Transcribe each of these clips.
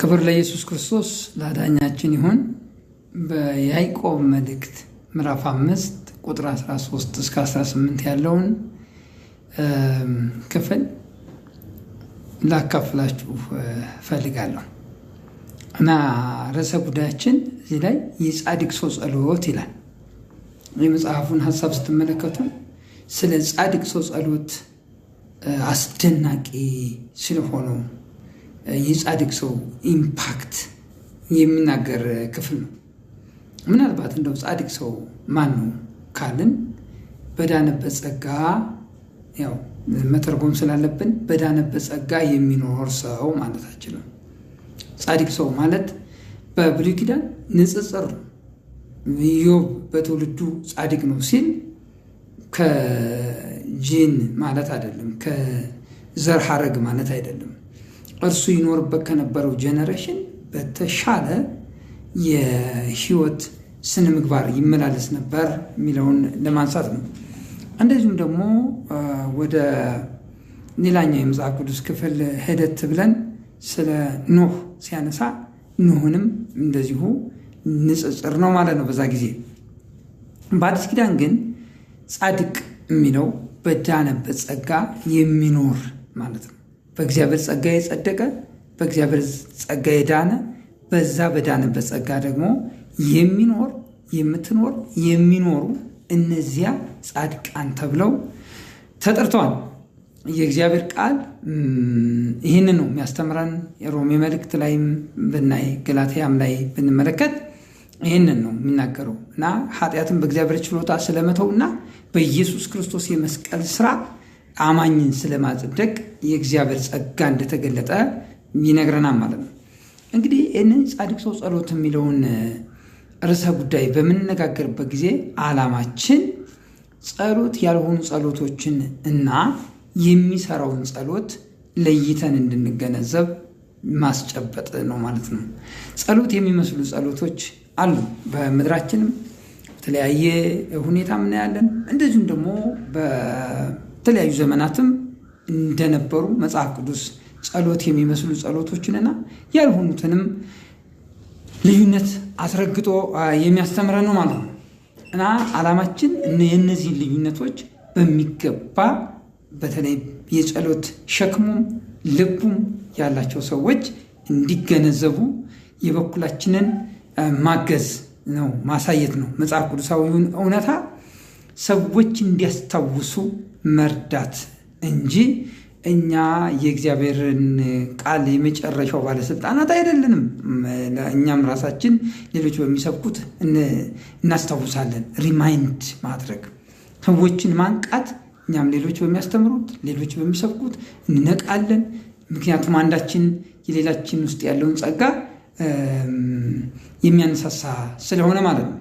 ክብር ለኢየሱስ ክርስቶስ ለአዳኛችን ይሁን። በያይቆብ መልእክት ምዕራፍ አምስት ቁጥር 13 እስከ 18 ያለውን ክፍል ላካፍላችሁ ፈልጋለሁ እና ርዕሰ ጉዳያችን እዚህ ላይ የጻድቅ ሰው ጸሎት ይላል። የመጽሐፉን ሀሳብ ስትመለከቱ ስለ ጻድቅ ሰው ጸሎት አስደናቂ ስለሆነው የጻድቅ ሰው ኢምፓክት የሚናገር ክፍል ነው። ምናልባት እንደው ጻድቅ ሰው ማን ነው ካልን በዳነበት ጸጋ ያው መተርጎም ስላለብን በዳነበት ጸጋ የሚኖር ሰው ማለታችን ነው። ጻድቅ ሰው ማለት በብሉይ ኪዳን ንጽጽር ኢዮብ በትውልዱ ጻድቅ ነው ሲል ከጂን ማለት አይደለም፣ ከዘር ሐረግ ማለት አይደለም። እርሱ ይኖርበት ከነበረው ጀነሬሽን በተሻለ የህይወት ስነ ምግባር ይመላለስ ነበር የሚለውን ለማንሳት ነው። እንደዚሁም ደግሞ ወደ ሌላኛው የመጽሐፍ ቅዱስ ክፍል ሂደት ብለን ስለ ኖህ ሲያነሳ ኖህንም እንደዚሁ ንጽጽር ነው ማለት ነው። በዛ ጊዜ በአዲስ ኪዳን ግን ጻድቅ የሚለው በዳነበት ጸጋ የሚኖር ማለት ነው። በእግዚአብሔር ጸጋ የጸደቀ በእግዚአብሔር ጸጋ የዳነ በዛ በዳነበት ጸጋ ደግሞ የሚኖር የምትኖር የሚኖሩ እነዚያ ጻድቃን ተብለው ተጠርተዋል። የእግዚአብሔር ቃል ይህንን ነው የሚያስተምረን። የሮሜ መልእክት ላይም ብናይ ገላትያም ላይ ብንመለከት ይህንን ነው የሚናገረው እና ኃጢአትን በእግዚአብሔር ችሎታ ስለመተው እና በኢየሱስ ክርስቶስ የመስቀል ስራ አማኝን ስለማጽደቅ የእግዚአብሔር ጸጋ እንደተገለጠ ይነግረናል ማለት ነው። እንግዲህ ይህንን ጻድቅ ሰው ጸሎት የሚለውን ርዕሰ ጉዳይ በምንነጋገርበት ጊዜ ዓላማችን ጸሎት ያልሆኑ ጸሎቶችን እና የሚሰራውን ጸሎት ለይተን እንድንገነዘብ ማስጨበጥ ነው ማለት ነው። ጸሎት የሚመስሉ ጸሎቶች አሉ። በምድራችንም በተለያየ ሁኔታ ምናያለን። እንደዚሁም ደግሞ የተለያዩ ዘመናትም እንደነበሩ መጽሐፍ ቅዱስ ጸሎት የሚመስሉ ጸሎቶችንና ያልሆኑትንም ልዩነት አስረግጦ የሚያስተምረን ነው ማለት ነው እና አላማችን የነዚህን ልዩነቶች በሚገባ በተለይ የጸሎት ሸክሙም ልቡም ያላቸው ሰዎች እንዲገነዘቡ የበኩላችንን ማገዝ ነው፣ ማሳየት ነው። መጽሐፍ ቅዱሳዊውን እውነታ ሰዎች እንዲያስታውሱ መርዳት እንጂ እኛ የእግዚአብሔርን ቃል የመጨረሻው ባለስልጣናት አይደለንም። እኛም ራሳችን ሌሎች በሚሰብኩት እናስታውሳለን። ሪማይንድ ማድረግ ሰዎችን ማንቃት፣ እኛም ሌሎች በሚያስተምሩት ሌሎች በሚሰብኩት እንነቃለን። ምክንያቱም አንዳችን የሌላችን ውስጥ ያለውን ጸጋ የሚያነሳሳ ስለሆነ ማለት ነው።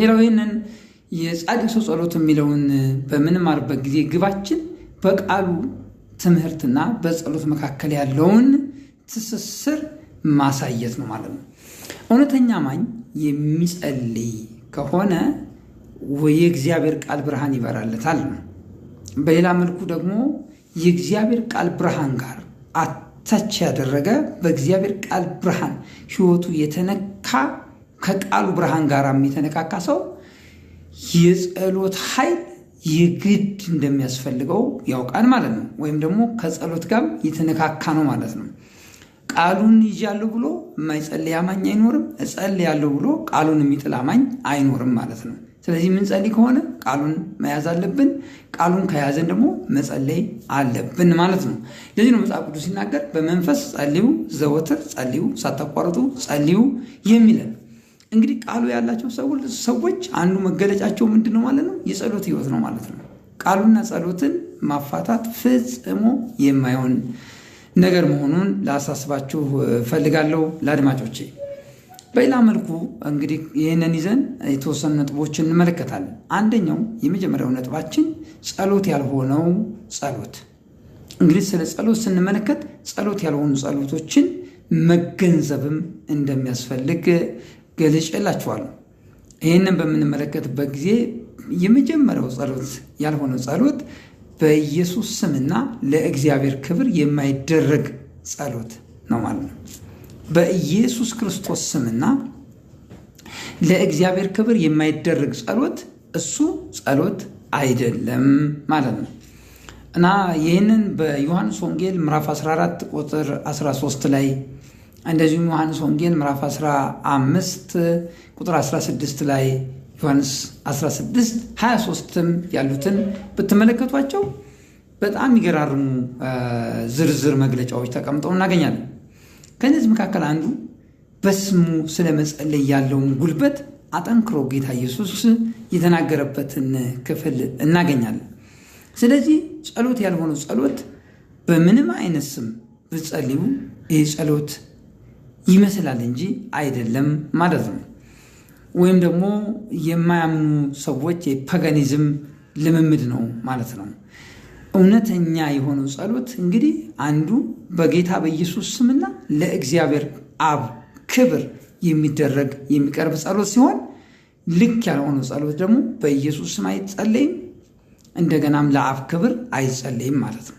ሌላው ይህንን የጻድቅ ሰው ጸሎት የሚለውን በምንማርበት ጊዜ ግባችን በቃሉ ትምህርትና በጸሎት መካከል ያለውን ትስስር ማሳየት ነው ማለት ነው። እውነተኛ ማኝ የሚጸልይ ከሆነ የእግዚአብሔር ቃል ብርሃን ይበራለታል ነው። በሌላ መልኩ ደግሞ የእግዚአብሔር ቃል ብርሃን ጋር አታች ያደረገ በእግዚአብሔር ቃል ብርሃን ህይወቱ የተነካ ከቃሉ ብርሃን ጋር የሚተነካካ ሰው የጸሎት ኃይል የግድ እንደሚያስፈልገው ያውቃል ማለት ነው። ወይም ደግሞ ከጸሎት ጋር የተነካካ ነው ማለት ነው። ቃሉን ይዣለሁ ብሎ የማይጸልይ አማኝ አይኖርም። እጸልያለሁ ብሎ ቃሉን የሚጥል አማኝ አይኖርም ማለት ነው። ስለዚህ የምንጸልይ ከሆነ ቃሉን መያዝ አለብን። ቃሉን ከያዘን ደግሞ መጸለይ አለብን ማለት ነው። ለዚህ ነው መጽሐፍ ቅዱስ ሲናገር በመንፈስ ጸልዩ ዘወትር ጸልዩ፣ ሳታቋርጡ ጸልዩ የሚለን እንግዲህ ቃሉ ያላቸው ሰዎች አንዱ መገለጫቸው ምንድን ነው ማለት ነው? የጸሎት ህይወት ነው ማለት ነው። ቃሉና ጸሎትን ማፋታት ፈጽሞ የማይሆን ነገር መሆኑን ላሳስባችሁ ፈልጋለሁ ለአድማጮቼ። በሌላ መልኩ እንግዲህ ይህንን ይዘን የተወሰኑ ነጥቦችን እንመለከታለን። አንደኛው የመጀመሪያው ነጥባችን ጸሎት ያልሆነው ጸሎት። እንግዲህ ስለ ጸሎት ስንመለከት ጸሎት ያልሆኑ ጸሎቶችን መገንዘብም እንደሚያስፈልግ ገልጬላችኋለሁ። ይህንን በምንመለከትበት ጊዜ የመጀመሪያው ጸሎት ያልሆነው ጸሎት በኢየሱስ ስምና ለእግዚአብሔር ክብር የማይደረግ ጸሎት ነው ማለት ነው። በኢየሱስ ክርስቶስ ስምና ለእግዚአብሔር ክብር የማይደረግ ጸሎት እሱ ጸሎት አይደለም ማለት ነው እና ይህንን በዮሐንስ ወንጌል ምዕራፍ 14 ቁጥር 13 ላይ እንደዚሁም ዮሐንስ ወንጌል ምዕራፍ 15 ቁጥር 16 ላይ ዮሐንስ 16 23ም ያሉትን ብትመለከቷቸው በጣም የሚገራርሙ ዝርዝር መግለጫዎች ተቀምጠው እናገኛለን። ከእነዚህ መካከል አንዱ በስሙ ስለ መጸለይ ያለውን ጉልበት አጠንክሮ ጌታ ኢየሱስ የተናገረበትን ክፍል እናገኛለን። ስለዚህ ጸሎት ያልሆነው ጸሎት በምንም አይነት ስም ብጸልዩ ይህ ጸሎት ይመስላል እንጂ አይደለም ማለት ነው። ወይም ደግሞ የማያምኑ ሰዎች የፓጋኒዝም ልምምድ ነው ማለት ነው። እውነተኛ የሆነው ጸሎት እንግዲህ አንዱ በጌታ በኢየሱስ ስምና ለእግዚአብሔር አብ ክብር የሚደረግ የሚቀርብ ጸሎት ሲሆን ልክ ያልሆነው ጸሎት ደግሞ በኢየሱስ ስም አይጸለይም፣ እንደገናም ለአብ ክብር አይጸለይም ማለት ነው።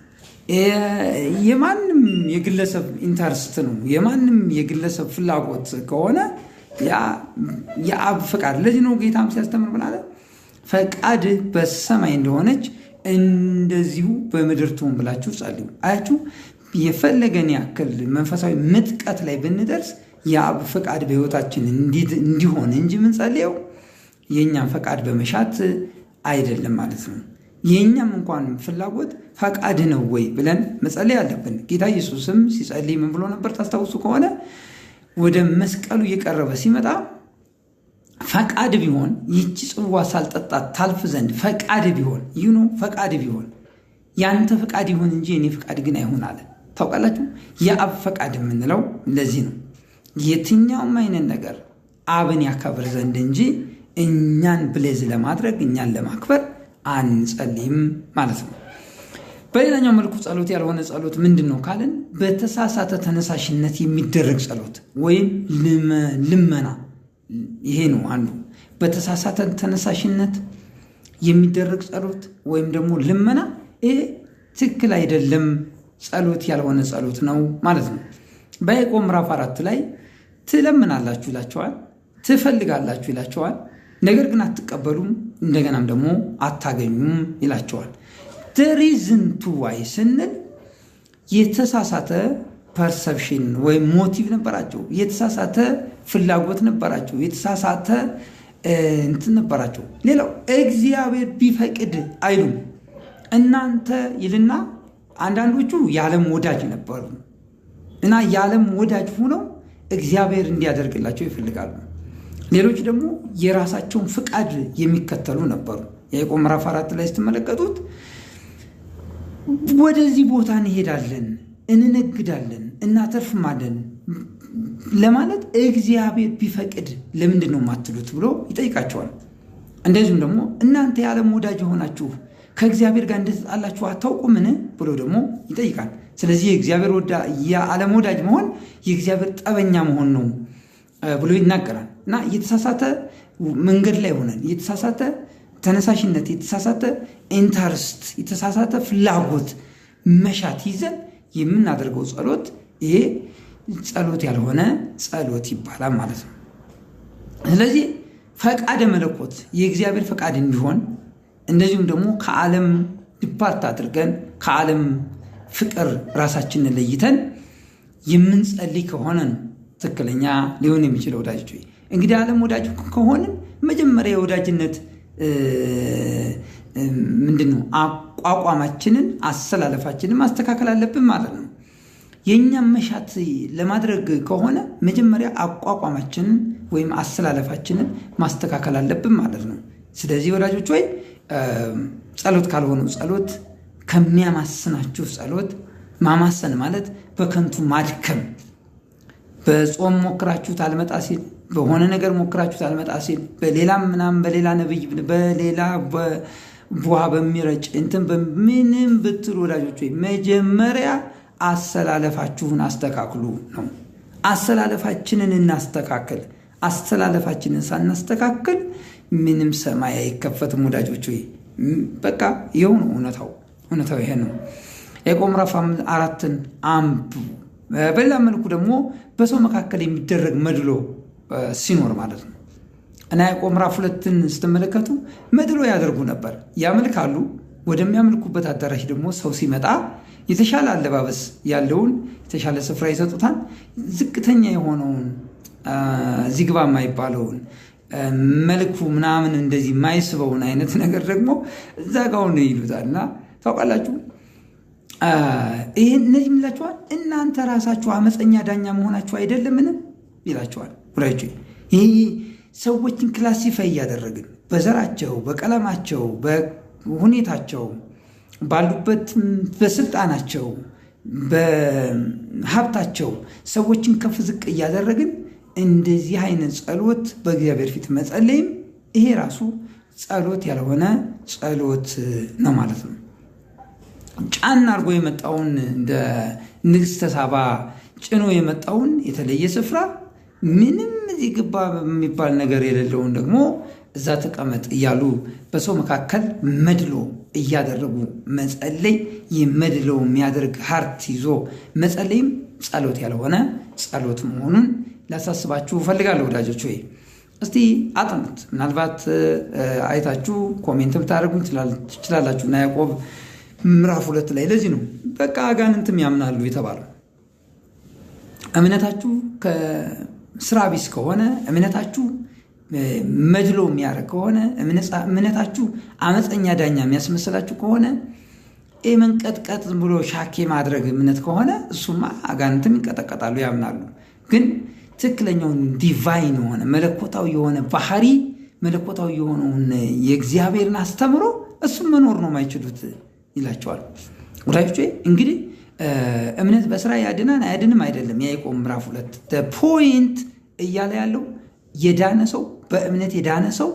የማንም የግለሰብ ኢንተርስት ነው የማንም የግለሰብ ፍላጎት ከሆነ የአብ ፈቃድ። ለዚህ ነው ጌታም ሲያስተምር ምን ፈቃድ በሰማይ እንደሆነች እንደዚሁ በምድር ትሁን ብላችሁ ጸልዩ። አያችሁ፣ የፈለገን ያክል መንፈሳዊ ምጥቀት ላይ ብንደርስ የአብ ፈቃድ በህይወታችን እንዲሆን እንጂ ምንጸልየው የእኛም ፈቃድ በመሻት አይደለም ማለት ነው። የእኛም እንኳን ፍላጎት ፈቃድ ነው ወይ ብለን መጸለይ አለብን። ጌታ ኢየሱስም ሲጸልይ ምን ብሎ ነበር? ታስታውሱ ከሆነ ወደ መስቀሉ እየቀረበ ሲመጣ ፈቃድ ቢሆን ይቺ ጽዋ ሳልጠጣት ታልፍ ዘንድ ፈቃድ ቢሆን ይህ ነው ፈቃድ ቢሆን ያንተ ፈቃድ ይሁን እንጂ እኔ ፈቃድ ግን አይሁን አለ። ታውቃላችሁ የአብ ፈቃድ የምንለው ለዚህ ነው። የትኛውም አይነት ነገር አብን ያከብር ዘንድ እንጂ እኛን ብሌዝ ለማድረግ እኛን ለማክበር አንጸልይም ማለት ነው። በሌላኛው መልኩ ጸሎት ያልሆነ ጸሎት ምንድን ነው ካልን በተሳሳተ ተነሳሽነት የሚደረግ ጸሎት ወይም ልመና፣ ይሄ ነው አንዱ። በተሳሳተ ተነሳሽነት የሚደረግ ጸሎት ወይም ደግሞ ልመና፣ ይሄ ትክክል አይደለም፣ ጸሎት ያልሆነ ጸሎት ነው ማለት ነው። በያዕቆብ ምዕራፍ አራት ላይ ትለምናላችሁ ይላቸዋል፣ ትፈልጋላችሁ ይላቸዋል፣ ነገር ግን አትቀበሉም እንደገናም ደግሞ አታገኙም ይላቸዋል። ሪዝን ቱ ዋይ ስንል የተሳሳተ ፐርሰፕሽን ወይም ሞቲቭ ነበራቸው፣ የተሳሳተ ፍላጎት ነበራቸው፣ የተሳሳተ እንትን ነበራቸው። ሌላው እግዚአብሔር ቢፈቅድ አይሉም። እናንተ ይልና አንዳንዶቹ የዓለም ወዳጅ ነበሩ እና የዓለም ወዳጅ ሆነው እግዚአብሔር እንዲያደርግላቸው ይፈልጋሉ። ሌሎች ደግሞ የራሳቸውን ፍቃድ የሚከተሉ ነበሩ። የያዕቆብ ምዕራፍ አራት ላይ ስትመለከቱት ወደዚህ ቦታ እንሄዳለን፣ እንነግዳለን፣ እናተርፍማለን ለማለት እግዚአብሔር ቢፈቅድ ለምንድን ነው የማትሉት ብሎ ይጠይቃቸዋል። እንደዚሁም ደግሞ እናንተ የዓለም ወዳጅ የሆናችሁ ከእግዚአብሔር ጋር እንደተጣላችሁ አታውቁምን ብሎ ደግሞ ይጠይቃል። ስለዚህ የእግዚአብሔር የዓለም ወዳጅ መሆን የእግዚአብሔር ጠበኛ መሆን ነው ብሎ ይናገራል እና እየተሳሳተ መንገድ ላይ ሆነን እየተሳሳተ ተነሳሽነት የተሳሳተ ኢንተርስት የተሳሳተ ፍላጎት መሻት ይዘን የምናደርገው ጸሎት ይሄ ጸሎት ያልሆነ ጸሎት ይባላል ማለት ነው። ስለዚህ ፈቃደ መለኮት የእግዚአብሔር ፈቃድ እንዲሆን እንደዚሁም ደግሞ ከዓለም ዲፓርት አድርገን ከዓለም ፍቅር ራሳችንን ለይተን የምንጸልይ ከሆነ ነው ትክክለኛ ሊሆን የሚችል ወዳጆች ወይ እንግዲህ ዓለም ወዳጅ ከሆንን መጀመሪያ የወዳጅነት ምንድን ነው አቋቋማችንን አሰላለፋችንን ማስተካከል አለብን ማለት ነው። የእኛም መሻት ለማድረግ ከሆነ መጀመሪያ አቋቋማችንን ወይም አሰላለፋችንን ማስተካከል አለብን ማለት ነው። ስለዚህ ወዳጆች ወይ ጸሎት ካልሆኑ ጸሎት ከሚያማስናችሁ ጸሎት ማማሰን ማለት በከንቱ ማድከም በጾም ሞክራችሁት አልመጣ ሲል በሆነ ነገር ሞክራችሁት አልመጣ ሲል በሌላ ምናምን በሌላ ነብይ በሌላ ውሃ በሚረጭ እንትን በምንም ብትሉ ወዳጆች ወይ መጀመሪያ አሰላለፋችሁን አስተካክሉ ነው። አሰላለፋችንን እናስተካከል። አስተላለፋችንን ሳናስተካከል ምንም ሰማይ አይከፈትም ወዳጆች ወይ በቃ ይኸው ነው እውነታው። እውነታው ይሄ ነው። ያዕቆብ ምዕራፍ አራትን አንብቡ። በሌላ መልኩ ደግሞ በሰው መካከል የሚደረግ መድሎ ሲኖር ማለት ነው እና ያዕቆብ ምዕራፍ ሁለትን ስትመለከቱ መድሎ ያደርጉ ነበር። ያመልካሉ። ወደሚያመልኩበት አዳራሽ ደግሞ ሰው ሲመጣ የተሻለ አለባበስ ያለውን የተሻለ ስፍራ ይሰጡታል። ዝቅተኛ የሆነውን ዚግባ የማይባለውን መልኩ ምናምን እንደዚህ የማይስበውን አይነት ነገር ደግሞ እዛ ጋውን ይሉታል እና ታውቃላችሁ ይህን እነዚህ ምላቸዋል እናንተ ራሳችሁ አመፀኛ ዳኛ መሆናችሁ አይደለምን ይላቸዋል። ወዳጆቼ ይህ ሰዎችን ክላሲፋይ እያደረግን በዘራቸው፣ በቀለማቸው፣ በሁኔታቸው፣ ባሉበት፣ በስልጣናቸው፣ በሀብታቸው ሰዎችን ከፍ ዝቅ እያደረግን እንደዚህ አይነት ጸሎት በእግዚአብሔር ፊት መጸለይም ይሄ ራሱ ጸሎት ያልሆነ ጸሎት ነው ማለት ነው። ጫና አድርጎ የመጣውን እንደ ንግሥተ ሳባ ጭኖ የመጣውን የተለየ ስፍራ ምንም እዚህ ግባ የሚባል ነገር የሌለውን ደግሞ እዛ ተቀመጥ እያሉ በሰው መካከል መድሎ እያደረጉ መጸለይ የመድሎ የሚያደርግ ሀርት ይዞ መጸለይም ጸሎት ያልሆነ ጸሎት መሆኑን ላሳስባችሁ ፈልጋለሁ። ወዳጆች ወይ እስቲ አጥኑት። ምናልባት አይታችሁ ኮሜንት ልታደርጉኝ ትችላላችሁ እና ያዕቆብ ምዕራፍ ሁለት ላይ ለዚህ ነው በቃ አጋንንትም ያምናሉ የተባለው። እምነታችሁ ከስራ ቢስ ከሆነ እምነታችሁ መድሎ የሚያደርግ ከሆነ እምነታችሁ አመፀኛ ዳኛ የሚያስመስላችሁ ከሆነ መንቀጥቀጥ ብሎ ሻኬ ማድረግ እምነት ከሆነ እሱማ አጋንንትም ይንቀጠቀጣሉ፣ ያምናሉ። ግን ትክክለኛውን ዲቫይን የሆነ መለኮታዊ የሆነ ባህሪ መለኮታዊ የሆነውን የእግዚአብሔርን አስተምሮ እሱም መኖር ነው የማይችሉት። ይላቸዋል። ወዳጆች እንግዲህ እምነት በስራ ያድናን አያድንም አይደለም። ያዕቆብ ምዕራፍ ሁለት ፖይንት እያለ ያለው የዳነ ሰው በእምነት የዳነ ሰው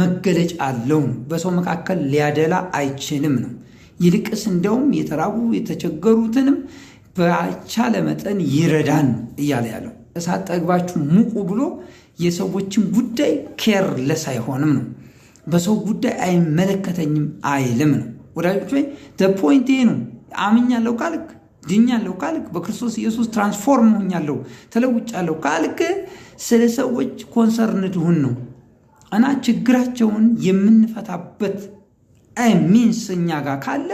መገለጫ አለው በሰው መካከል ሊያደላ አይችልም ነው። ይልቅስ እንደውም የተራቡ የተቸገሩትንም በቻለ መጠን ይረዳን እያለ ያለው እሳት ጠግባችሁ ሙቁ ብሎ የሰዎችን ጉዳይ ኬርለስ አይሆንም ነው። በሰው ጉዳይ አይመለከተኝም አይልም ነው። ወዳጆች ወይ ፖይንት ይሄ ነው። አምኛለሁ ካልክ ድኛለሁ ካልክ በክርስቶስ ኢየሱስ ትራንስፎርም ሆኛለሁ ተለውጫለሁ ካልክ ስለ ሰዎች ኮንሰርንድ ሁን ነው እና ችግራቸውን የምንፈታበት ሚንስ እኛ ጋር ካለ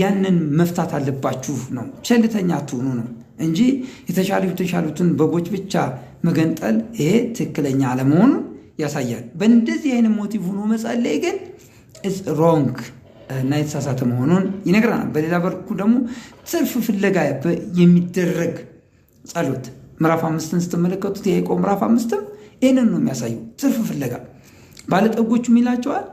ያንን መፍታት አለባችሁ ነው። ቸልተኛ ትሆኑ ነው እንጂ የተሻሉ የተሻሉትን በጎች ብቻ መገንጠል ይሄ ትክክለኛ አለመሆኑ ያሳያል። በእንደዚህ አይነት ሞቲቭ ሆኖ መጸለይ ግን ሮንግ እና የተሳሳተ መሆኑን ይነግረናል። በሌላ በርኩ ደግሞ ትርፍ ፍለጋ የሚደረግ ጸሎት ምዕራፍ አምስትን ስትመለከቱት የያዕቆብ ምዕራፍ አምስትም ይህንን ነው የሚያሳየው። ትርፍ ፍለጋ ባለጠጎቹም ይላቸዋል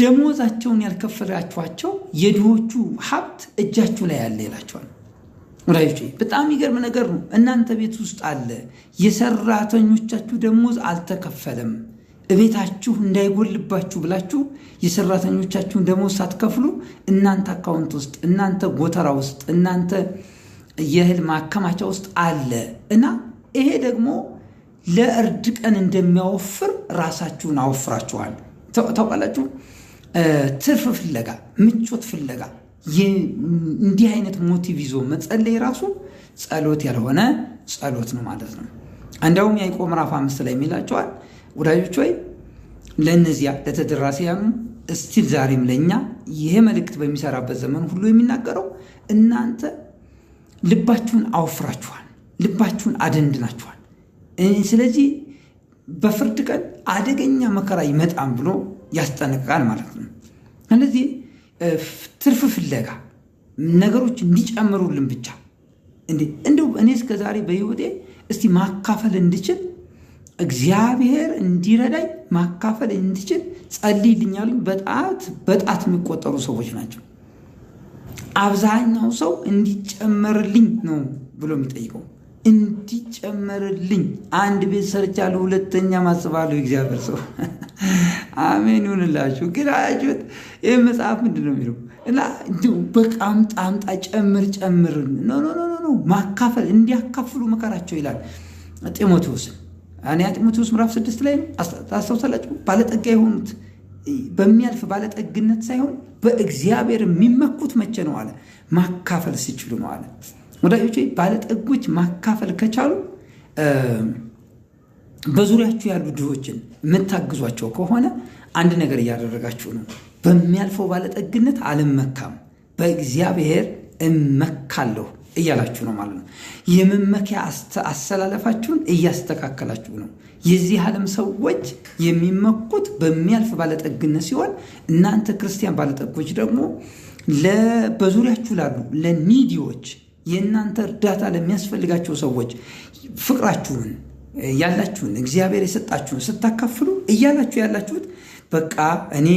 ደሞዛቸውን ያልከፈላችኋቸው የድሆቹ ሀብት እጃችሁ ላይ ያለ ይላቸዋል። ወዳጆች በጣም የሚገርም ነገር ነው። እናንተ ቤት ውስጥ አለ፣ የሰራተኞቻችሁ ደሞዝ አልተከፈለም። እቤታችሁ እንዳይጎልባችሁ ብላችሁ የሰራተኞቻችሁን ደሞዝ ሳትከፍሉ እናንተ አካውንት ውስጥ እናንተ ጎተራ ውስጥ እናንተ የእህል ማከማቻ ውስጥ አለ እና ይሄ ደግሞ ለእርድ ቀን እንደሚያወፍር ራሳችሁን አወፍራችኋል። ታውቃላችሁ፣ ትርፍ ፍለጋ፣ ምቾት ፍለጋ እንዲህ አይነት ሞቲቭ ይዞ መጸለይ ራሱ ጸሎት ያልሆነ ጸሎት ነው ማለት ነው። እንደውም ያዕቆብ ምዕራፍ አምስት ላይ የሚላቸዋል ወዳጆች ወይ ለእነዚያ ለተደራሲያም እስቲል ዛሬም ለእኛ ይሄ መልእክት በሚሰራበት ዘመን ሁሉ የሚናገረው እናንተ ልባችሁን አወፍራችኋል፣ ልባችሁን አደንድናችኋል። ስለዚህ በፍርድ ቀን አደገኛ መከራ ይመጣም ብሎ ያስጠነቅቃል ማለት ነው። ስለዚህ ትርፍ ፍለጋ ነገሮች እንዲጨምሩልን ብቻ እንዲሁ እኔ እስከ ዛሬ በህይወቴ እስቲ ማካፈል እንድችል እግዚአብሔር እንዲረዳኝ ማካፈል እንድችል ጸልይልኛሉ። በጣት በጣት የሚቆጠሩ ሰዎች ናቸው። አብዛኛው ሰው እንዲጨመርልኝ ነው ብሎ የሚጠይቀው እንዲጨመርልኝ። አንድ ቤት ሰርቻለሁ፣ ሁለተኛ ማስባለሁ። እግዚአብሔር ሰው አሜን ይሁንላችሁ። ግን አያችሁት? ይህ መጽሐፍ ምንድን ነው የሚለው? እና በቃ አምጣ አምጣ፣ ጨምር ጨምር፣ ኖ ኖ ኖ፣ ማካፈል እንዲያካፍሉ መከራቸው ይላል ጢሞቴዎስን አንያ ጢሞቴዎስ ምዕራፍ ስድስት ላይ ታስታውሳላችሁ። ባለጠጋ የሆኑት በሚያልፍ ባለጠግነት ሳይሆን በእግዚአብሔር የሚመኩት መቼ ነው አለ? ማካፈል ሲችሉ ነው አለ። ወዳጆች ባለጠጎች ማካፈል ከቻሉ በዙሪያችሁ ያሉ ድሆችን የምታግዟቸው ከሆነ አንድ ነገር እያደረጋችሁ ነው። በሚያልፈው ባለጠግነት አልመካም፣ በእግዚአብሔር እመካለሁ እያላችሁ ነው ማለት ነው። የመመኪያ አሰላለፋችሁን እያስተካከላችሁ ነው። የዚህ ዓለም ሰዎች የሚመኩት በሚያልፍ ባለጠግነት ሲሆን እናንተ ክርስቲያን ባለጠጎች ደግሞ በዙሪያችሁ ላሉ ለኒዲዎች የእናንተ እርዳታ ለሚያስፈልጋቸው ሰዎች ፍቅራችሁን ያላችሁን እግዚአብሔር የሰጣችሁን ስታካፍሉ እያላችሁ ያላችሁት በቃ እኔ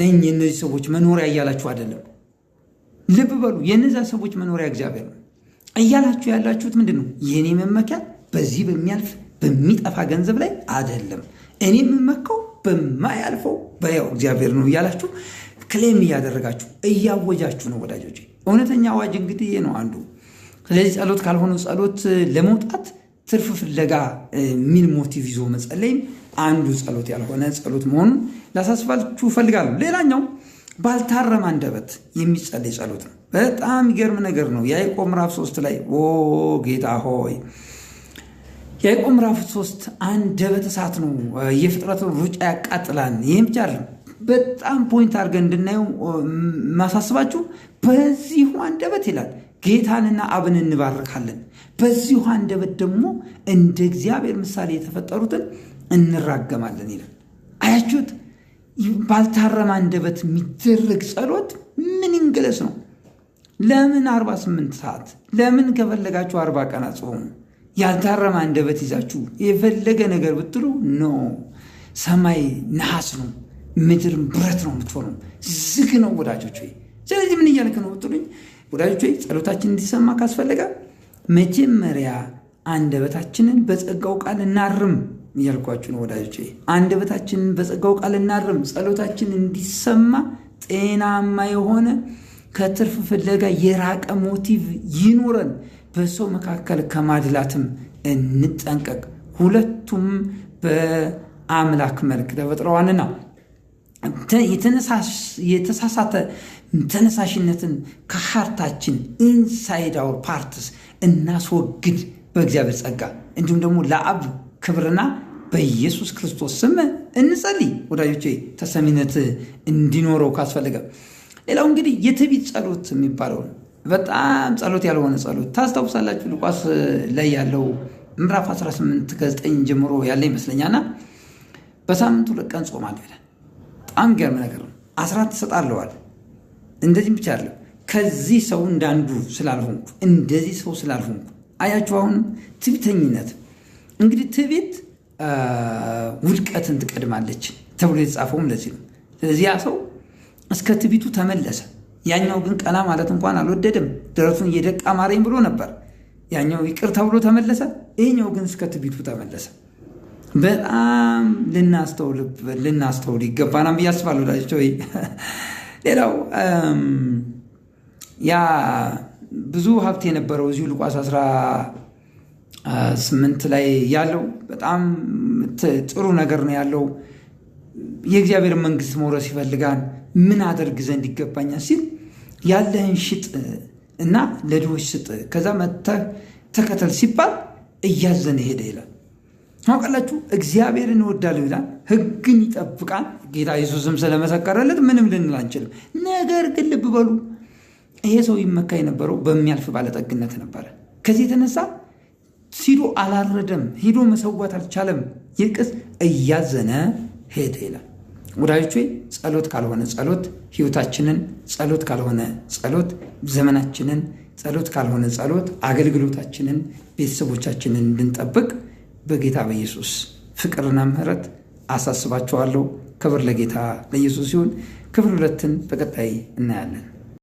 ነኝ የእነዚህ ሰዎች መኖሪያ እያላችሁ አይደለም። ልብ በሉ የነዛ ሰዎች መኖሪያ እግዚአብሔር ነው እያላችሁ ያላችሁት ምንድን ነው? የእኔ መመኪያ በዚህ በሚያልፍ በሚጠፋ ገንዘብ ላይ አይደለም። እኔ የምመካው በማያልፈው በያው እግዚአብሔር ነው እያላችሁ ክሌም እያደረጋችሁ እያወጃችሁ ነው ወዳጆች። እውነተኛ አዋጅ እንግዲህ ይሄ ነው አንዱ። ስለዚህ ጸሎት ካልሆነ ጸሎት ለመውጣት ትርፍ ፍለጋ የሚል ሞቲቭ ይዞ መጸለይም አንዱ ጸሎት ያልሆነ ጸሎት መሆኑን ላሳስባችሁ ፈልጋሉ ሌላኛው ባልታረመ አንደበት የሚጸልይ ጸሎት ነው። በጣም የሚገርም ነገር ነው። የያዕቆብ ምዕራፍ ሶስት ላይ ኦ ጌታ ሆይ የያዕቆብ ምዕራፍ ሶስት አንደበት እሳት ነው፣ የፍጥረት ሩጫ ያቃጥላል። ይህም ብቻ በጣም ፖይንት አድርገን እንድናየው ማሳስባችሁ በዚሁ አንደበት ይላል ጌታንና አብን እንባርካለን። በዚሁ አንደበት ደግሞ እንደ እግዚአብሔር ምሳሌ የተፈጠሩትን እንራገማለን ይላል። አያችሁት? ባልታረማ እንደበት የሚደረግ ጸሎት ምን እንግለጽ ነው? ለምን 48 ሰዓት ለምን ከፈለጋችሁ 40 ቀናት ጾሙ። ያልታረማ እንደበት ይዛችሁ የፈለገ ነገር ብትሉ ኖ ሰማይ ነሐስ ነው፣ ምድር ብረት ነው የምትሆነው ዝግ ነው ወዳጆች። ወይ ስለዚህ ምን እያልክ ነው ብትሉኝ ወዳጆች፣ ወይ ጸሎታችን እንዲሰማ ካስፈለገ መጀመሪያ አንደበታችንን በጸጋው ቃል እናርም። ያልኳችሁን ነው ወዳጆቼ። አንደበታችንን በጸጋው ቃል እናርም። ጸሎታችን እንዲሰማ ጤናማ የሆነ ከትርፍ ፍለጋ የራቀ ሞቲቭ ይኑረን። በሰው መካከል ከማድላትም እንጠንቀቅ። ሁለቱም በአምላክ መልክ ተፈጥረዋልና የተሳሳተ ተነሳሽነትን ከሀርታችን ኢንሳይድ አውር ፓርትስ እናስወግድ በእግዚአብሔር ጸጋ እንዲሁም ደግሞ ለአብ ክብርና በኢየሱስ ክርስቶስ ስም እንጸልይ ወዳጆቼ፣ ተሰሚነት እንዲኖረው ካስፈልገ። ሌላው እንግዲህ የትቢት ጸሎት የሚባለው በጣም ጸሎት ያልሆነ ጸሎት ታስታውሳላችሁ። ሉቃስ ላይ ያለው ምዕራፍ 18 ከ9 ጀምሮ ያለ ይመስለኛልና በሳምንቱ ለቀን ጾም አለ ይላል። በጣም ገርም ነገር ነው። አስራት ትሰጣለዋል። እንደዚህም ብቻ አለ ከዚህ ሰው እንዳንዱ ስላልሆንኩ እንደዚህ ሰው ስላልሆንኩ አያችሁ። አሁንም ትቢተኝነት እንግዲህ ትቢት ውድቀትን ትቀድማለች ተብሎ የተጻፈውም ለዚህ ነው። ስለዚህ ያ ሰው እስከ ትቢቱ ተመለሰ። ያኛው ግን ቀና ማለት እንኳን አልወደደም። ደረቱን እየደቃ ማረኝ ብሎ ነበር። ያኛው ይቅር ተብሎ ተመለሰ። ይህኛው ግን እስከ ትቢቱ ተመለሰ። በጣም ልናስተውል ይገባናም ብዬ አስባለሁ ወዳጆች። ወይ ሌላው ያ ብዙ ሀብት የነበረው እዚሁ ሉቃስ ስምንት ላይ ያለው በጣም ጥሩ ነገር ነው ያለው። የእግዚአብሔር መንግስት መውረስ ይፈልጋል ምን አደርግ ዘንድ ይገባኛል ሲል ያለህን ሽጥ እና ለድሆች ስጥ፣ ከዛ መጥተህ ተከተል ሲባል እያዘነ ሄደ ይላል። ታውቃላችሁ እግዚአብሔርን እወዳለሁ ይላል፣ ህግን ይጠብቃል። ጌታ ኢየሱስም ስለመሰከረለት ምንም ልንል አንችልም። ነገር ግን ልብ በሉ ይሄ ሰው ይመካ የነበረው በሚያልፍ ባለጠግነት ነበረ። ከዚህ የተነሳ ሲዶ አላረደም፣ ሂዶ መሰዋት አልቻለም፣ ይልቅስ እያዘነ ሄደ ይላል። ወዳጆች ጸሎት ካልሆነ ጸሎት ህይወታችንን፣ ጸሎት ካልሆነ ጸሎት ዘመናችንን፣ ጸሎት ካልሆነ ጸሎት አገልግሎታችንን፣ ቤተሰቦቻችንን እንድንጠብቅ በጌታ በኢየሱስ ፍቅርና ምሕረት አሳስባችኋለሁ። ክብር ለጌታ ለኢየሱስ ሲሆን ክፍል ሁለትን በቀጣይ እናያለን።